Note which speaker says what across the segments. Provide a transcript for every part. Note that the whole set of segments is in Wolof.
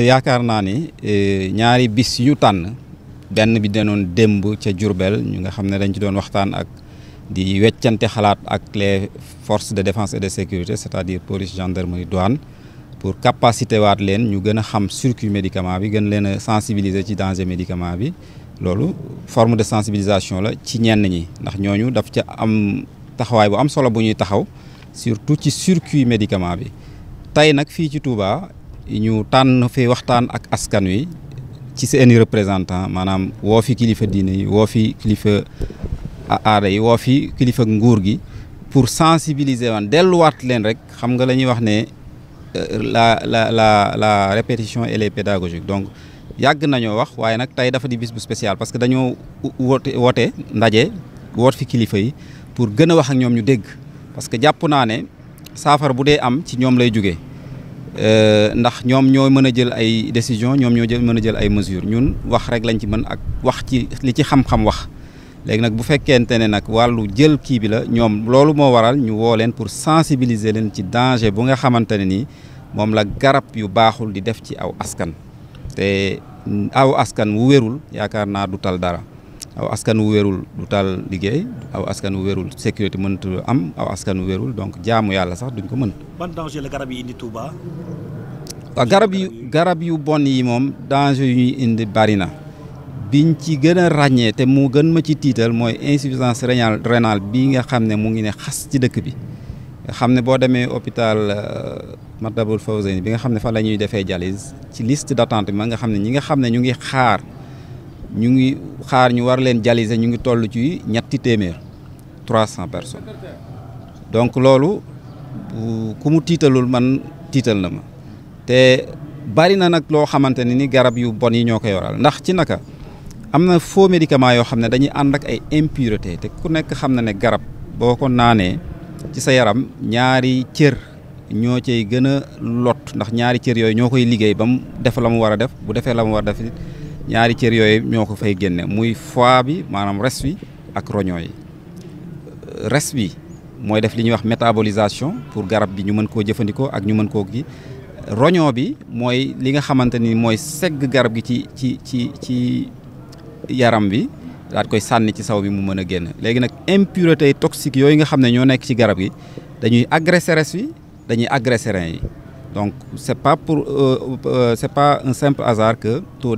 Speaker 1: yaakaar naa ni e, ñaari bis yu tànn denn bi danoon démb ca Diourbel ñu nga xam ne dañ ci doon waxtaan ak di weccante xalaat ak les forces de défense et de sécurité c'est-à-dire police gendarmerie douane pour capacité waat leen ñu gën a xam circuit médicament bi gën leen a sensibiliser ci danger médicament bi loolu forme de sensibilisation la ci ñenn ñi ndax ñooñu daf ca am taxawaay bu am solo bu ñuy taxaw surtout ci circuit médicament bi tey nag fii ñu tànn fi waxtaan ak askan wi ci seeni représentant maanaam woo fi kilifa diine yi woo fi kilifa a aada yi woo fi kilifa nguur gi pour sensibiliser waan delluwaat leen rek xam nga la ñuy wax ne euh, la la la la répétition elle est pédagogique donc yàgg nañoo wax waaye nag tey dafa di bis bu spécial parce que dañoo woote woote ndaje woot fi kilifa yi pour gën a wax ak ñoom ñu dégg parce que jàpp naa ne saafara bu dee am ci ñoom lay jóge Euh, ndax ñoom ñoo mën a jël ay décision ñoom ñoo mën a jël ay mesures ñun wax rek lañ ci mën ak wax ci li ci xam-xam wax léegi nag bu fekkente ne nag wàllu jël kii bi la ñoom loolu moo waral ñu woo leen pour sensibiliser leen ci danger bu nga xamante ne nii moom la garab yu baaxul di def ci aw askan te aw askan wu wérul yaakaar naa dutal dara aw askan wu wérul du taal liggéey aw askan wu wérul sécurité mënut am aw askan wu wérul donc jaamu yàlla sax duñ ko mën. ban danger la garab yi indi Touba. garab yu garab yu bon yi moom danger yu ñuy indi bari na biñ ci gën a ràññee te mu gën ma ci tiital mooy insuffisance rénale renal bii nga xam ne mu ngi ne xas ci dëkk bi. nga xam ne boo demee hôpital euh, Matlaboul Fawzayni bi nga xam ne fa la ñuy defee dialyse ci liste d'attente bi ma nga xam ne ñi nga xam ne ñu ngi xaar. ñu ngi xaar ñu war leen jaliser ñu ngi toll ci ñetti téeméer trois cent personnes donc loolu ku mu tiitalul man tiital na ma te bari na nag loo xamante ne ni garab yu bon yi ñoo koy waral ndax ci naka am na faux médicaments yoo xam ne dañuy ànd ak ay impureté te ku nekk xam na ne garab boo ko naanee ci sa yaram ñaari cër ñoo cay gën a lot ndax ñaari cër yooyu ñoo koy liggéey ba mu def la mu war a def bu defee la mu war a def ñaari cër yooyu ñoo ko fay génne muy fois bi maanaam res bi ak roñoo yi res bi mooy def li ñuy wax métabolisation pour garab bi ñu mën koo jëfandikoo ak ñu mën koo gi roñoo bi mooy li nga xamante ni mooy segg garab gi ci ci ci ci yaram bi daat koy sànni ci saw bi mu mën a génn léegi nag impureté toxique yooyu nga xam ne ñoo nekk ci garab gi dañuy agressé res bi dañuy agressé rein yi Donc, ce n'est pas, pour, euh, euh pas un simple hasard que le taux,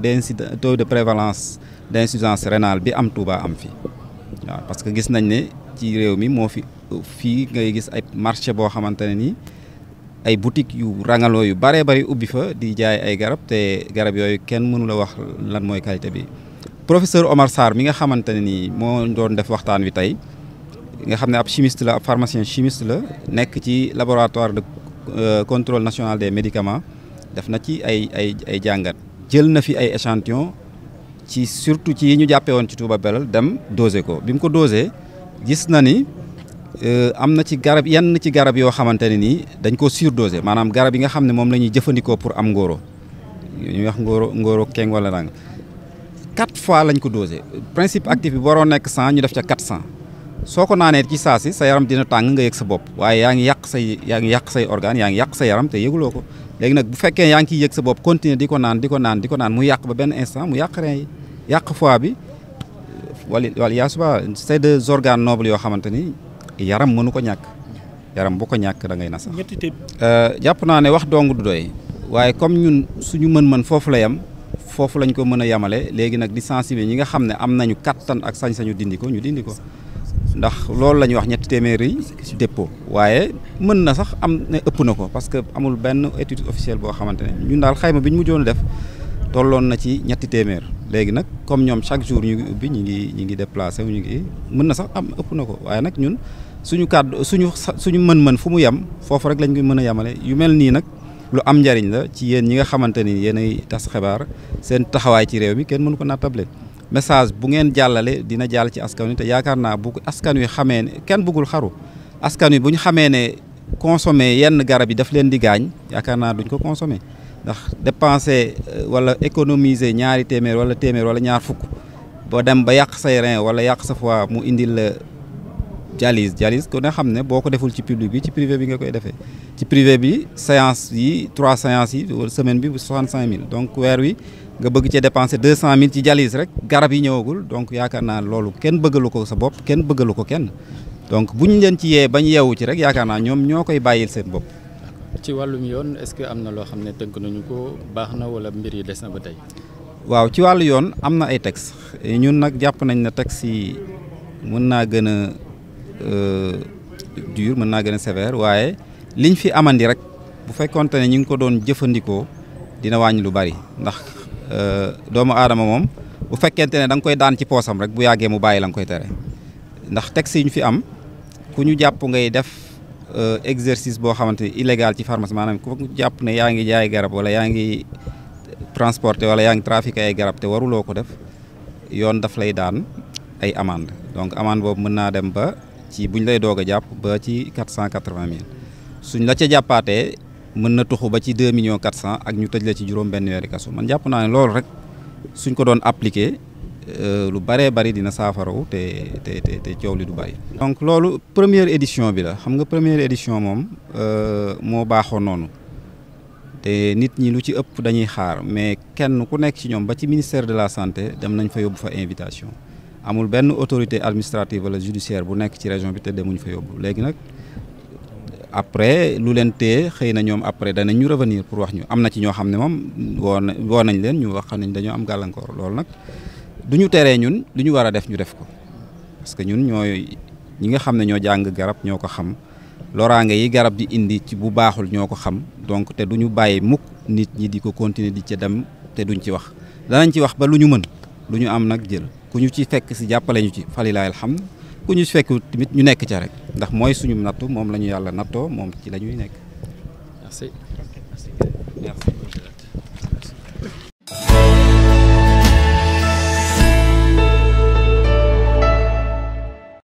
Speaker 1: taux de prévalence d'insuffisance rénale bi am Touba am fi waaw parce que gis nañ ne ci réew mi moo fi fii ngay gis ay marché boo xamante ne nii ay boutiques yu rangaloo yu bëree bëri ubbi fa di jaay ay garab te garab yooyu kenn mënula wax lan mooy qualité bi. professeur Omar Sarr mi nga xamante ne nii moo doon def waxtaan wi tey nga xam ne ab chimiste la ab pharmacien chimiste la nekk ci laboratoire de. Euh, contrôle national des médicament def na ci ay ay ay jàngat jël na fi ay échantillon ci surtout ci yi ñu jàppee woon ci Touba Belel dem dosé ko bi mu ko doosee gis na ni euh, am na ci garab yenn ci garab yoo xamante ne nii dañ ko surdosé maanaam garab yi nga xam ne moom la ñuy jëfandikoo pour am ngóoro ñuy wax ngóoro ngóoro keng wala nang quatre fois lañ ko dosé principe actif bi waroo nekk cent ñu def ca quatre cent soo ko naanee ci saa si sa yaram dina tàng nga yëg sa bopp waaye yaa ngi yàq say yaa yàq say organes yàq sa yaram te yëguloo ko léegi nag bu fekkee yaa ngi ciy yëg sa bopp continuer di ko naan di ko naan ko naan mu yàq ba benn instant mu yàq rein yi yàq foie bi wala wala yaa suba c'est des organes nobles yoo xamante ni yaram mënu ko ñàkk yaram bu ko ñàkk da ngay nasa. ñetti tëb. Euh, jàpp naa ne wax dong du doy waaye comme ñun suñu mën-mën foofu la yam foofu lañ ko mën a yamale léegi nag di sensibiliser ñi nga xam ne am nañu kattan ak sañ-sañu dindi ko ñu dindi ko ndax loolu la ñuy wax ñetti téeméeri déppo waaye mën na sax am ne ëpp na ko parce que amul benn étude officielle boo xamante ne ñun daal xayma bi ñu mujjoon a def tolloon na ci ñetti téeméer léegi nag comme ñoom chaque jour ñu ngi ubbi ñu ngi ñu ngi déplacé wu ñu ngi mën na sax am ëpp na ko waaye nag ñun suñu kàdd suñu suñu mën-mën fu mu yem foofu rek lañ koy mën a yemale yu mel nii nag lu am njariñ la ci yéen ñi nga xamante ni yéen ay tas xibaar seen taxawaay ci réew mi kenn mënu ko nattable message bu ngeen jàllale dina jàll ci askan wi te yaakaar naa bu askan wi xamee ne kenn buggul xaru askan wi bu ñu xamee ne consommer yenn garab yi daf leen di gaañ yaakaar naa duñ ko consommer ndax dépenser euh, wala économiser ñaari téeméer wala téeméer wala ñaar fukk boo dem ba yàq sa rein wala yàq sa fois mu indil la dialyse dialyse ku ne xam ne boo ko deful ci public bi ci privé bi nga koy defee ci privé bi séance yi trois séances yi wala semaine bi bu soixante mille donc weer wi nga bëgg cee dépenser deux cent mille ci dialyse rek garab yi ñëwagul donc yaakaar naa loolu kenn bëggalu ko sa bopp kenn bëggalu ko kenn donc bu ñu leen ci yee bañ yeewu ci rek yaakaar naa ñoom ñoo koy bàyyil seen bopp. ci wàllum yoon est-ce que am na loo xam ne tënk nañu ko baax na wala mbir yi des na ba tey. waaw ci wàllu yoon am na ay textes ñun nag jàpp nañ na textes yi mën naa gën a euh, dur mën naa gën a sévère waaye liñ fi amandi rek bu fekkonte ne ñu ngi ko doon jëfandikoo dina wàññ lu bari ndax. Euh, doomu aadama moom bu fekkente ne da koy daan ci poosam rek bu yàggee mu bàyyi la nga koy tere ndax teg si ñu fi am ku ñu jàpp ngay def euh, exercice boo xamante ni illégal ci pharmacie maanaam ku jàpp ne yaa ngi jaay garab wala yaa ngi transporter wala yaa ngi ay garab te waruloo ko def yoon daf lay daan ay amende donc amende boobu mën naa dem ba ci buñ lay doog a jàpp ba ci quatre cent quatre-vingt mille suñ la ca jàppaatee mën na tuxu ba ci deux millions quatre cent ak ñu tëj la ci juróom benn weeri kaso man jàpp naa ne loolu rek suñ ko doon appliqué euh, lu bëree bari dina saafarawu te te te te li du bëri. donc loolu première édition bi la xam nga première édition moom euh, moo baaxoo noonu te nit ñi lu ci ëpp dañuy xaar mais kenn ku nekk ci ñoom ba ci ministère de la santé dem nañ fa yóbbu fa invitation amul benn autorité administrative wala judiciaire bu nekk ci région bi te demuñ fa yóbbu léegi nag. après lu leen téye xëy na ñoom après danañ ñu revenir pour wax ñu am na ci ñoo xam ne moom woo na woo nañ leen ñu wax xam nañ dañoo am gàllankoor loolu nag du ñu teree ñun lu ñu war a def ñu def ko parce que ñun ñooy ñi nga xam ne ñoo jàng garab ñoo ko xam loraange yi garab di indi ci bu baaxul ñoo ko xam donc te du ñu bàyyi mukk nit ñi di ko continuer di ca dem te duñ ci wax danañ ci wax ba lu ñu mën lu ñu am nag jël ku ñu ci fekk si jàppale ñu ci falilaay alhamd ku ñu ci fekk tamit ñu nekk ca rek. ndax mooy suñu nattu moom la ñu yàlla nattoo moom ci la ñuy nekk